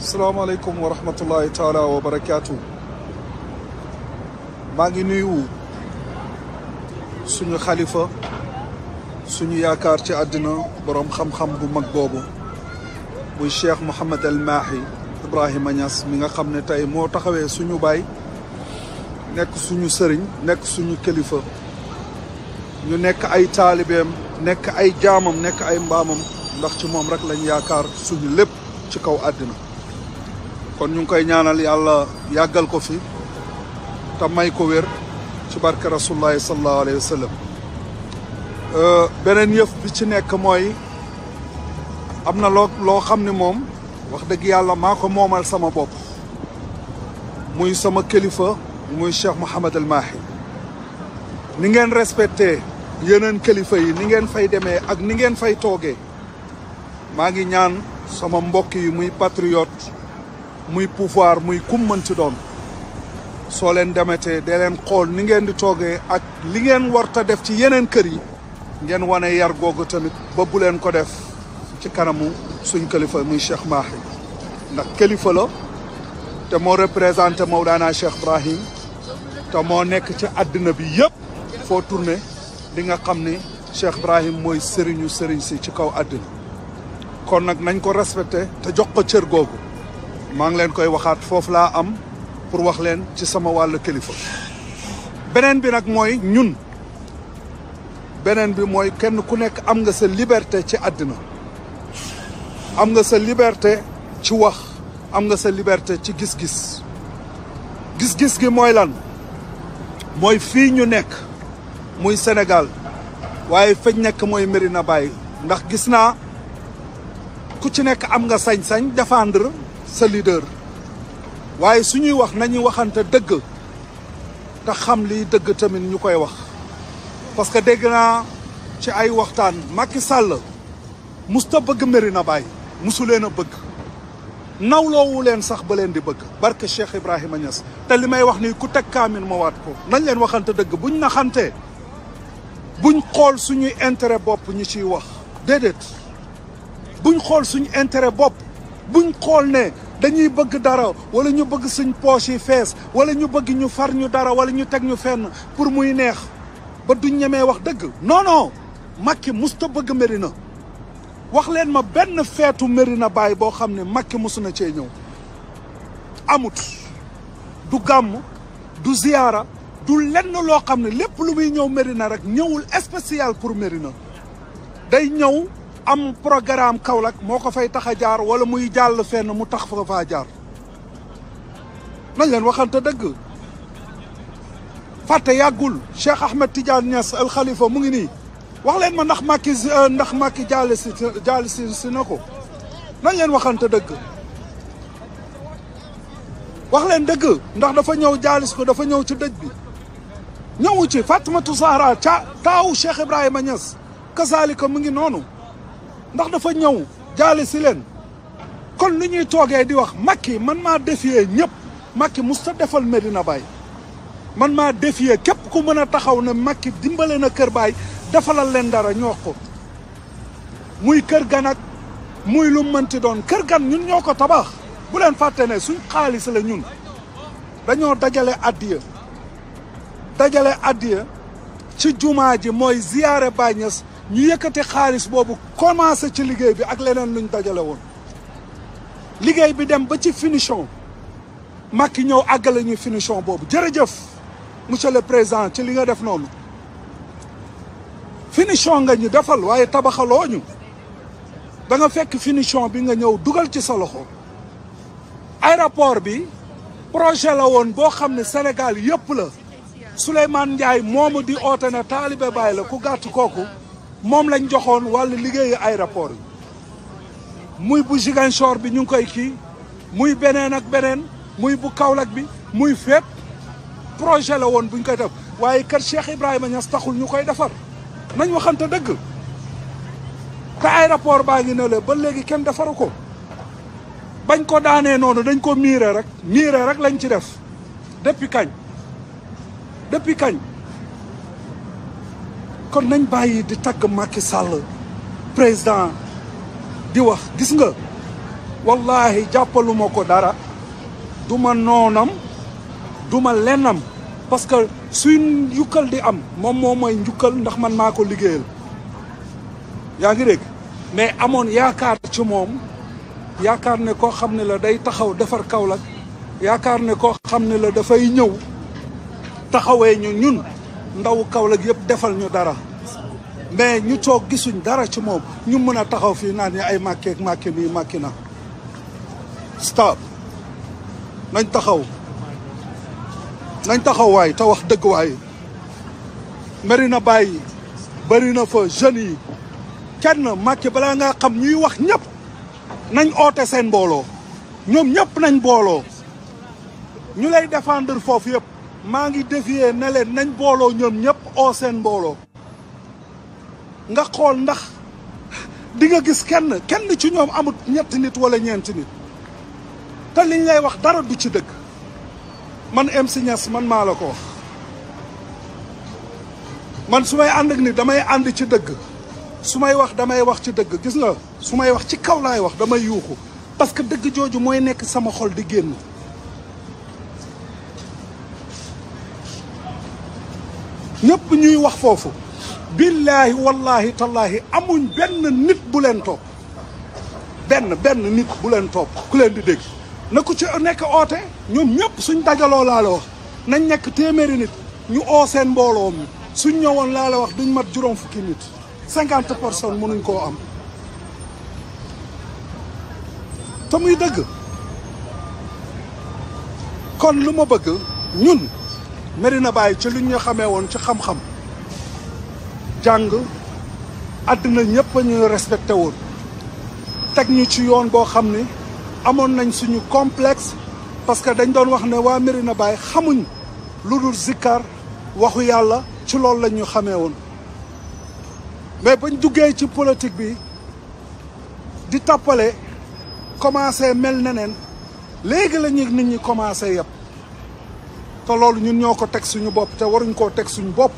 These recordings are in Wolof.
السلام عليكم ورحمة الله تعالى وبركاته ماغي نيو سونو خليفة سونو ياكار تي أدنى بروم خم خم بو مك بوبو بو الشيخ محمد الماحي إبراهيم أنياس ميغا خم نتاي مو تخوي سونو باي نك سونو سرين نك سونو خليفة ñu nek ay talibem nek ay jamam nek ay mbamam ndax ci mom rek lañu yaakar suñu lepp ci kaw aduna kon ñu ngi koy ñaanal yàlla yàggal ko fi te may ko wér ci barke rasulullahi sallallahu alayhi wa sallam euh, beneen yëf bi ci nekk mooy am na loo loo xam ni moom wax dëgg yàlla maa ko moomal sama bopp muy sama kilifa muy Cheikh Mouhamed El Mahi ni ngeen respecté yeneen kilifa yi ni ngeen fay demee ak ni ngeen fay toogee maa ngi ñaan sama mbokk yi muy patriote muy pouvoir muy kum mën ci doon soo leen demetee da leen xool ni ngeen di toogee ak li ngeen war ta def ci yeneen kër yi ngeen wane yar googu tamit ba bu leen ko def ci kanamu suñ kilifa muy Cheikh Mahi ndax kilifa te moo représenté Mawlana Cheikh Ibrahim te moo nekk ci àddina bi yëpp foo tourné di nga xam ne Cheikh Ibrahim mooy sëriñu sëriñ si ci kaw àddina kon nag nañ ko respecté te jox ko cër googu maa ngi leen koy waxaat foofu laa am pour wax leen ci sama wàll kilifa beneen bi nag mooy ñun beneen bi mooy kenn ku nekk am nga sa liberté ci àddina am nga sa liberté ci wax am nga sa liberté ci gis-gis gis-gis gi mooy lan mooy fii ñu nekk muy Sénégal waaye fañ nekk mooy na bàyyi ndax gis naa ku ci nekk am nga sañ-sañ défendre sa leader waaye su ñuy wax nañuy waxante dëgg te xam liy dëgg tamit ñu koy wax parce que dégg naa ci ay waxtaan Macky Sall musta bëgg na bàyyi musu leen a bëgg nawloowu leen sax ba leen di bëgg barke Cheikh Ibrahima Niass te li may wax nii ku teg kaamin ma waat ko nañ leen waxante dëgg buñ naxantee buñ xool suñuy intérêt bopp ñu ciy wax déedéet buñ xool suñu intérêt bopp buñ xool ne dañuy bëgg dara wala ñu bëgg suñ poos yi fees wala ñu bëgg ñu far ñu dara wala ñu teg ñu fenn pour muy neex ba du ñemee wax dëgg non non Macky musta bëgg Médina wax leen ma benn feetu Médina baay boo xam ne Macky musu na cee ñëw amut du gàmm du ziyaara du lenn loo xam ne lépp lu muy ñëw Médina rek ñëwul spécial pour Médina day ñëw am programme Kaolack moo ko fay tax a jaar wala muy jàll fenn mu tax fa faa jaar nañ leen waxante dëgg fàtte yàggul Cheikh Ahmed Tidiane Niass al mu ngi nii wax leen ma ndax makki ndax Macky jaale si jaale na ko nañ leen waxante dëgg wax leen dëgg ndax dafa ñëw jaalis ko dafa ñëw ci dëj bi ñëwu ci Fatimatu Zahra ca taawu Cheikh Ibrahima ñas kazalika mu ngi noonu ndax dafa ñëw jaale si leen kon li ñuy toogee di wax Macky man maa défier ñëpp Macky mus ta defal Medina baay man maa défier képp ku mën a taxaw ne Macky dimbale na Kër baay defalal leen dara ñu wax ko muy kër gan ak muy lu mënti doon kër gan ñun ñoo ko tabax bu leen fàtte ne suñ xaalis la ñun dañoo dajale addiya dajale addiya ci jumaa ji mooy ziyaare Baay ñu yëkkati xaalis boobu commencé ci liggéey bi ak leneen luñ dajale woon liggéey bi dem ba ci finition Macky ñëw àggale ñu finition boobu jërëjëf monsieur le président ci li nga def noonu finition nga ñu defal waaye tabaxaloo ñu da fekk finition bi nga ñëw dugal ci sa loxo aéroport bi projet la woon boo xam ne Sénégal yëpp la Souleymane Ndiaye moomu di oote ne taalibe bàyyi la ku gàtt kooku moom lañ joxoon wàllu liggéeyu aéroport yi muy bu Ziguinchor bi ñu ngi koy kii muy beneen ak beneen muy bu Kaolack bi muy fépp projet la woon buñ koy def waaye kër Cheikh Ibrahima Niass taxul ñu koy defar nañ waxante dëgg te aéroport baa ngi ne la ba léegi kenn defaru ko bañ ko daanee noonu dañ ko miire rek miire rek lañ ci def depuis kañ depuis kañ kon nañ bàyyi di tagg Macky Sall président di wax gis nga wallahi jàppaluma ko dara du ma noonam du ma lennam parce que suy njukkal di am moom moo mooy njukkal ndax man maa ko liggéeyal yaa ngi dégg mais amoon yaakaar ci moom yaakaar ne koo xam ne la day taxaw defar Kaolack yaakaar ne koo xam ne la dafay ñëw taxawee ñu ñun ndaw Kaolack yëpp defal ñu dara mais ñu toog gisuñ dara ci moom ñu mën a taxaw fii naan ñu ay màkkeeg màkki nii màkki na stop nañ taxaw nañ taxaw waay te wax dëgg waay Médina Baye bëri na fa jeunes yi kenn Macky balaa ngaa xam ñuy wax ñëpp nañ oote seen mbooloo ñoom ñëpp nañ booloo ñu lay défendre foofu yëpp maa ngi défier ne leen nañ mbooloo ñoom ñëpp oo seen mbooloo nga xool ndax di nga gis kenn kenn ci ñoom amut ñetti nit wala ñeenti nit te liñ lay wax dara du ci dëgg man MC Niass man maa la ko man su may ànd ak nit damay ànd ci dëgg su may wax damay wax ci dëgg gis nga su may wax ci kaw laay wax damay yuuxu parce que dëgg jooju mooy nekk sama xol di génn ñëpp ñuy wax foofu billaahi wallaahi tallaahi amuñ benn nit bu leen topp benn benn nit bu leen topp ku leen di dégg na ku ci nekk oote ñoom ñëpp suñ dajaloo laa la wax nañ nekk téeméeri nit ñu oo seen mbooloo mi suñ ñëwoon laa la wax duñ mat juróom fukki nit cinquante personnes mënuñ koo am te muy dëgg kon lu ma bëgg ñun Medina Baye ci li ñu xamee woon ci xam-xam jàng àddina ñëpp a ñu respecté woon teg ñu ci yoon boo xam ni amoon nañ suñu complex parce que dañ doon wax ne waa Medina baay xamuñ lu dul zikkar waxu yàlla ci loolu la ñu xamee woon mais bañ duggee ci politique bi di tappale commencé mel neneen léegi la nit ñi commencé yëpp te loolu ñun ñoo ko teg suñu bopp te waruñ koo teg suñu bopp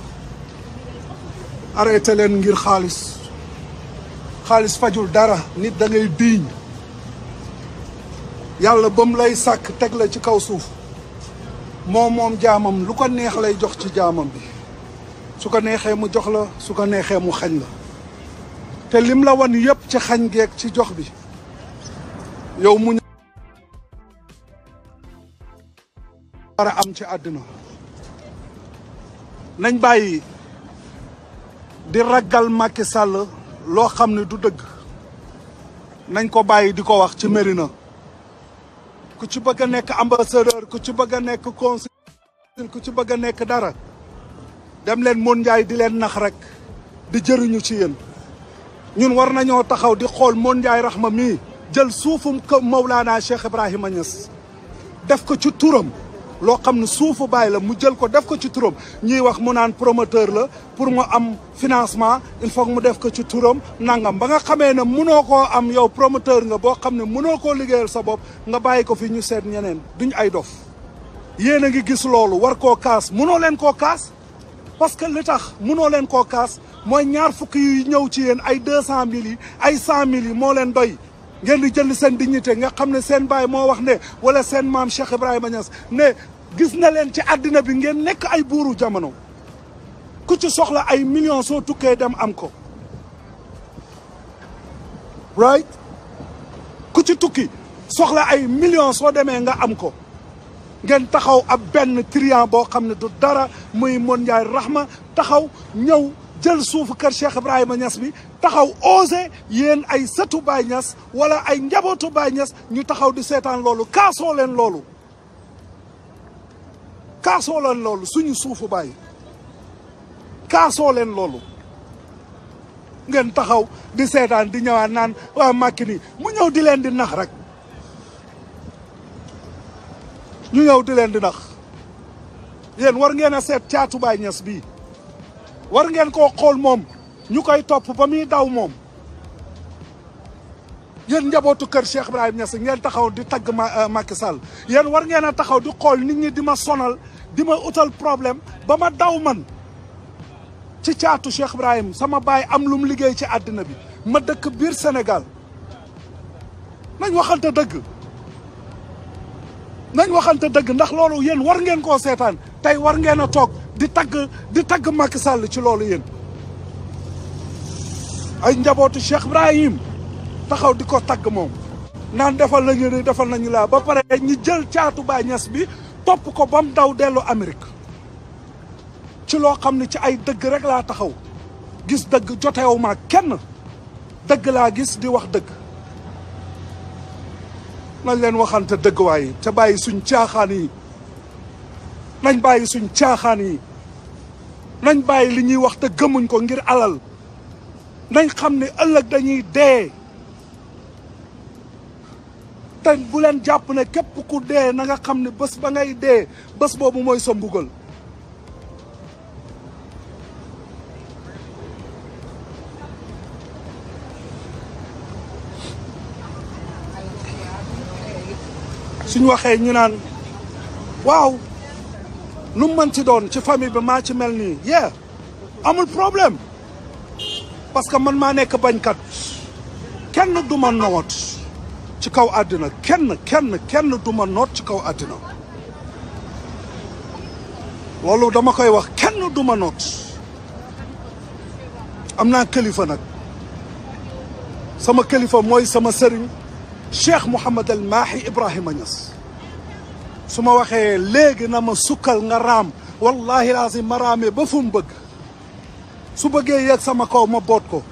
arrêté leen ngir xaalis xaalis fajul dara nit dangay diiñ yàlla ba mu lay sàkk teg la ci kaw suuf moom moom jaamam lu ko neex lay jox ci jaamam bi su ko neexee mu jox la su ko neexee mu xañ la te lim la wan yépp ci xañ geek ci jox bi yow mu war a am ci àddina nañ bàyyi di ragal Macky Sall loo xam ne du dëgg nañ ko bàyyi di ko wax ci Médina ku ci bëgg a nekk ambassadeur ku ci bëgg a nekk consul ku ci bëgg a nekk dara dem leen Mon di leen nax rek di jëriñu ci yéen ñun war nañoo taxaw di xool Mon Ndiaye Rahma mii jël suufum kër Mawlaana Cheikh Ibrahima Niass def ko ci turam loo xam ne suufu bàyyi la mu jël ko def ko ci turam ñuy wax mu naan promoteur la pour mu am financement il faut mu def ko ci turam nangam ba nga xamee ne mënoo koo am yow promoteur nga boo xam ne mënoo koo liggéeyal sa bopp nga bàyyi ko fi ñu seet ñeneen duñ ay dof yéen a ngi gis loolu war koo kaas mënoo leen koo kaas parce que li tax mënoo leen koo kaas mooy ñaar fukki yu ñëw ci yéen ay deux cent mille yi ay cent mille moo leen doy ngeen di jënd seen dignité nga xam ne seen baay moo wax ne wala seen maam Cheikh Ibrahima Niass ne gis na leen ci àddina bi ngeen nekk ay buuru jamono ku ci soxla ay million soo tukkee dem am ko right ku ci tukki soxla ay millions soo demee nga am ko ngeen taxaw ab benn triant boo xam ne du dara muy mon njaay raxma taxaw ñëw jël suufu kër Cheikh Ibrahima ñas bi taxaw osé yéen ay sëtu Baay Niass wala ay njabootu Baay Niass ñu taxaw di seetaan loolu kaasoo leen loolu kaasoo len lolou suñu suufu bay. kaasoo len lolou ngeen taxaw di setan di ñëwaat naan wa Macky nii mu ñëw di len di nax rek ñu ñëw di len di nax yeen war ngeena set tiatu bay ñess bi war ngeen ko xol mom ñukay top ba mi daw mom yeen njabotu keur Cheikh Ibrahim ñess ngeen taxaw di tag Macky Sall yéen war ngeena taxaw di xol nit ñi di ma sonal di ma utal problem, ba ma daw man ci tiatu Cheikh Ibrahim sama bay am lum liggey ci aduna bi ma dekk bir senegal nañ waxante deug nañ waxante deug ndax lolu yeen war ngeen ko setan tay war ngeen tok toog di tag di tag mak Sall ci lolu yeen ay njabotu Cheikh Ibrahim taxaw di tag mom nan defal lañu ni defal nañu la ba pare ñi jël tiatu Baay Ñas bi topp ko ba mu daw dellu Amérique ci loo xam ne ci ay dëgg rekk laa taxaw gis dëgg joteewu kenn dëgg laa gis di wax dëgg nañ leen waxante dëgg waaye ca bàyyi suñ caaxaan yi nañ bàyyi suñ caaxaan yi nañ bàyyi li ñuy wax te gëmuñ ko ngir alal nañ xam ne ëllëg dañuy dee te bu jàpp ne képp ku dee na nga xam ne bés ba ngay dee bés boobu mooy sa mbugal suñ waxee ñu naan waaw lu mën ci doon ci famille bi maa ci mel nii yeah amul problème parce que man maa nekk bañkat kenn du ma noot ci kaw àddina kenn kenn kenn du ma noot ci kaw àddina loolu dama koy wax kenn du ma noot am naa kilifa nag sama kilifa mooy sama sëriñ Cheikh Mouhamad El Mahi Ibrahima Niass su ma waxee léegi na ma sukkal nga raam wallahi laazim ma raamee ba fu mu bëgg su bëggee yeeg sama kaw ma boot ko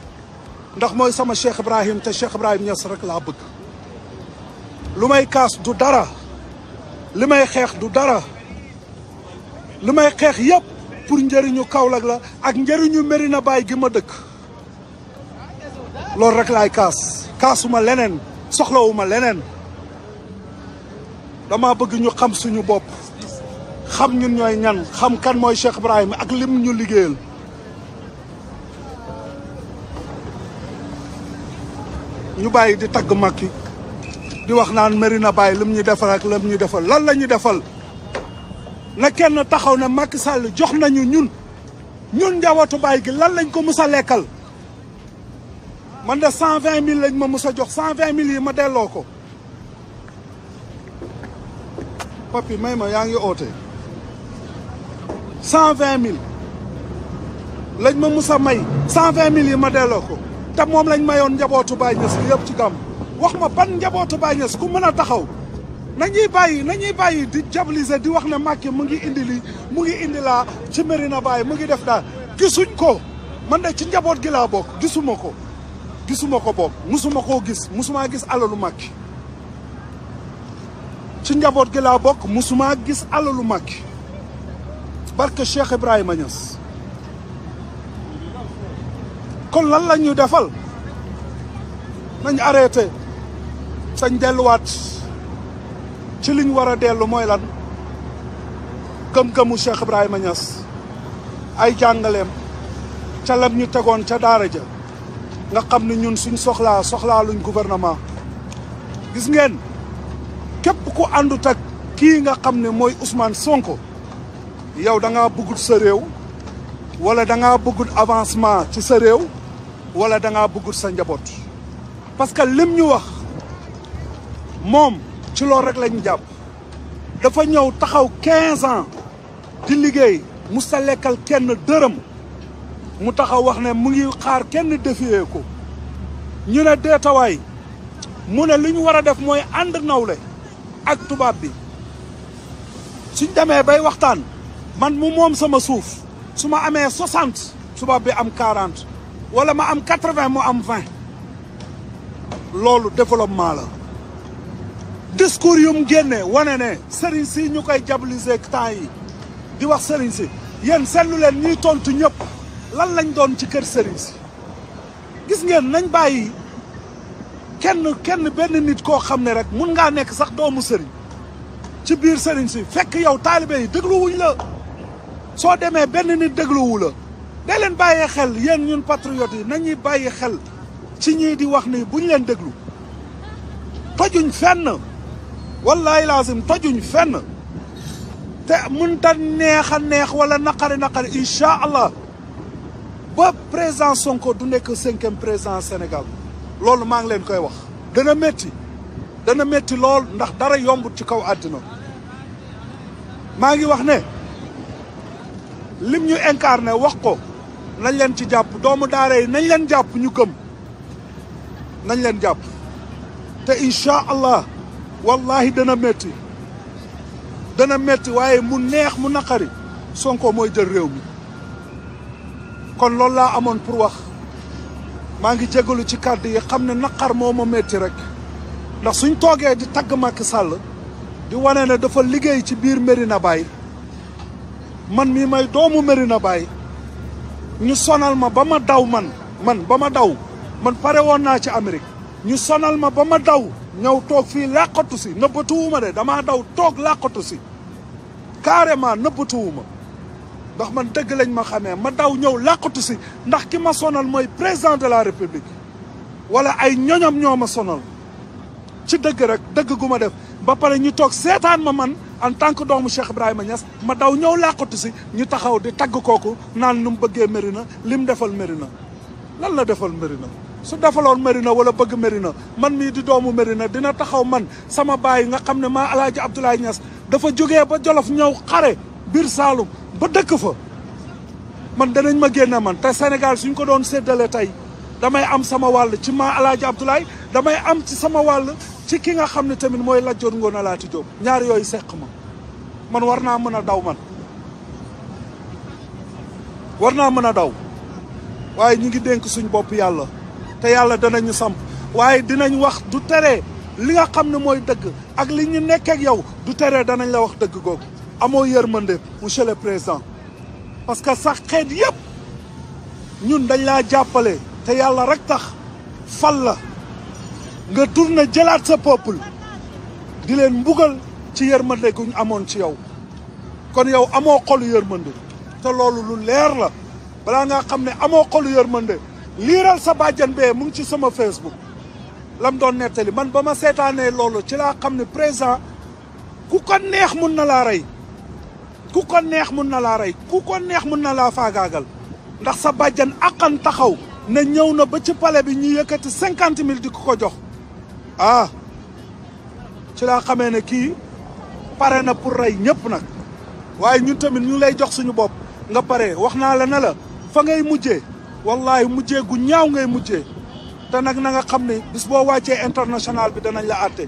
ndax mooy sama Cheikh Ibrahim te Cheikh Ibrahim Niass rek laa bëgg lumay kas kaas du dara limay xex du dara limay xex yeb pour njëriñu kaawlak la ak njëriñu merina bay gi ma dekk loolu rek lay kaas kaasuma lenen. soxlawuma lenen dama bëgg ñu xam suñu bop xam ñun ñoy ñan xam kan moy Cheikh ibrahim ak lim ñu liggéeyal ñu bayyi di tag makki di wax naan Medina Baye lim ñu defal ak lim ñu defal lan la ñu defal na kenn taxaw ne Macky sàll jox nañu ñun ñun njabootu Baye gi lan lañ ko mus a lekkal man de cent vingt mille lañ ma mus a jox cent vingt mille yi ma delloo ko papi may ma yaa ngi oote cent vingt mille lañ ma mus a may cent vingt mille yi ma delloo ko te moom lañ mayoon njabootu Baye Niass yëpp ci gàmm wax ma ban njabootu Baye Niass ku mën a taxaw nañuy bàyyi nañuy bàyyi di diaboliser di wax ne Macky mu ngi indi li mu ngi indi laa ci Médina Baye mu ngi def daal gisuñ ko man de ci njaboot gi laa bokk gisuma ko gisuma ko bokk mësuma koo gis musumaa gis alalu Macky ci njaboot gi laa bokk musumaa gis alalu Macky barke Cheikh Ibrahima Niass kon lan la ñuy defal nañ arrêté sañ delluwaat ci liñ wara delu moy lan kam kamu Cheikh Ibrahima Niass ay jangalem ca lam ñu tegon ca daara ja nga xam ñun suñ soxla soxla luñ gouvernement gis ngeen kep ku àndut ak ki nga xam ne mooy Ousmane Sonko yow da nga bëggut sa rew wala da nga bëggut avancement ci sa rew wala da nga bëggut sa njabot parce que lim ñu wax moom ci loolu rek lañu jàpp dafa ñëw taxaw 15 ans di liggéey mu sa lekkal kenn dërëm mu taxaw wax ne mu ngi xaar kenn defiyee ko ñu ne deetawaay mu ne li ñu war a def mooy ànd nawle ak tubaab bi suñ demee bay waxtaan man mu moom sama suuf su ma amee 60 tubaab bi am 40 wala ma am 80 mu am 20 loolu développement la discours yu mu génne wane ne sëriñ si ñu koy diaboliser temps yi di wax sëriñ si yéen seetlu leen ñuy tontu ñëpp lan lañ doon ci kër sëriñ si gis ngeen nañ bàyyi kenn kenn benn nit koo xam ne rek mun ngaa nekk sax doomu sëriñ ci biir sëriñ si fekk yow taalibe yi dégluwuñ la soo demee benn nit dégluwu la day leen bàyyee xel yéen ñun patriotes yi nañuy bàyyi xel ci ñii di wax ni buñ leen déglu tojuñ fenn والله لازم تجون فن تمنت نيخ نيخ ولا نقر نقر إن شاء الله با بريزان سونكو دو نيك سينكيم بريزان سينيغال لول ما نلين كوي واخ دا نا ميتي دا نا ميتي لول ناخ دارا يومب تي كاو ادنا ماغي واخ ني لم ني انكارني واخ كو نان لين تي جاب دومو داراي نان لين جاب ني گم نان لين جاب تا ان شاء الله wallahi dana metti dana metti waaye mu neex mu naqari Sonko mooy jël réew mi kon loolu laa amoon pour wax maa ngi jégalu ci kàddu yi xam ne naqar moo ma metti rek ndax suñ toogee di tagg Macky sàll di wane ne dafa liggéey ci biir na Baye man mi may doomu na Baye ñu sonal ma ba ma daw man man ba ma daw man pare woon naa ci Amérique ñu sonal ma ba ma daw ñëw toog fii làqatu si nëbbatuwuma de damaa daw toog làqatu si carrément nëbbatuwuma ndax man dëgg lañ ma xamee ma daw ñëw làqatu si ndax ki ma sonal mooy président de la république wala ay ñoñam ñoo ma sonal ci dëgg rek dëgg gu ma def ba pare ñu toog seetaan ma man en tant que doomu Cheikh Ibrahima ñas ma daw ñëw làqatu si ñu taxaw di tagg kooku naan nu mu bëggee Médina li mu defal Médina lan la defal Médina su defaloon Médina wala bëgg Médina man mii di doomu Médina dina taxaw man sama baay nga xam ne maa alaaji Abdoulaye Niass dafa jóge ba Jolof ñëw xare biir Saalum ba dëkk fa man danañ ma génne man te senegal suñ ko doon séddale tey damay am sama wàll ci maa alaaji Abdoulaye damay am ci sama wàll ci ki nga xam ne tamit mooy Lat Joor Ngoone Laati Jóob ñaar yooyu seq ma man war naa mën a daw man war naa mën a daw waaye ñu ngi dénk suñ bopp yàlla te yàlla danañu samp waaye dinañ wax du tere li nga xam ne mooy dëgg ak li ñu nekk yow du tere danañ la wax dëgg googu amoo yërmande monsieur le président parce que sax xeet yëpp ñun dañ laa jàppale te yàlla rek tax fal la nga tourné jëlaat sa peuple di leen mbugal ci yërmande guñ amoon ci yow kon yow amoo xolu yërmande te loolu lu leer la balaa nga xam ne amoo xolu yërmande liiral sa bàjjan bee mu ngi ci sama Facebook lam doon nettali man ba ma seetaanee loolu ci laa xam ne président ku ko neex mun na laa rey ku ko neex mun na laa rey ku ko neex mun na laa faagaagal ndax sa bàjjan aqan taxaw ne ñëw na ba ci palais bi ñu yëkkati cinquante mille di ko ko jox ah ci laa xamee ne kii pare na pour rey ñëpp nag waaye ñun tamit ñu lay jox suñu bopp nga pare wax naa la ne la fa ngay mujjee wallahi mujjee gu ñaaw ngay mujjee te nag na nga xam ne bis boo wàccee international bi danañ la àtte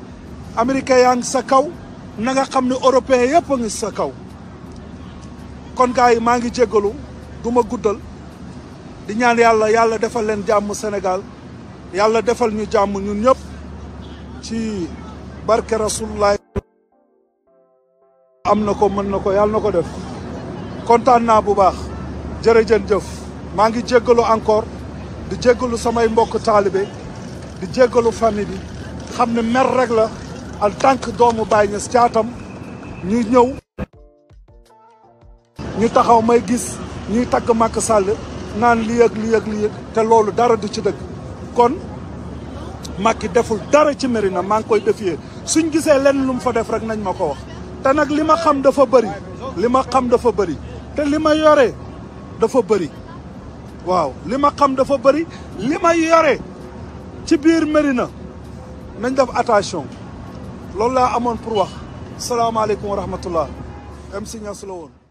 américain yaa ngi sa kaw na nga xam ne européen yëpp a ngi sa kaw kon gars maa ngi jéggalu du guddal di ñaan yàlla yàlla defal leen jàmm senegal yàlla defal ñu jàmm ñun ñëpp ci barke rasulullah am na ko mën na ko yàlla na ko def kontaan naa bu baax jërëjën jëf maa ngi jéggalu encore di jéggalu samay mbokk taalibe di jéggalu famille bi xam ne mer rek la en tant que doomu Baye Niass caatam ñu ñëw ñu taxaw may gis ñuy tagg màkk sàll naan lii ak lii ak lii te loolu dara du ci dëgg kon Macky deful dara ci Médina maa ngi koy def défier suñ gisee lenn lu fa def rek nañ ma ko wax te nag li ma xam dafa bëri li ma xam dafa bëri te li ma yore dafa bëri واو لما قام دافا بري لما يوري تي بير مرينا نان اتاشون لول امون بروح السلام عليكم ورحمه الله ام سي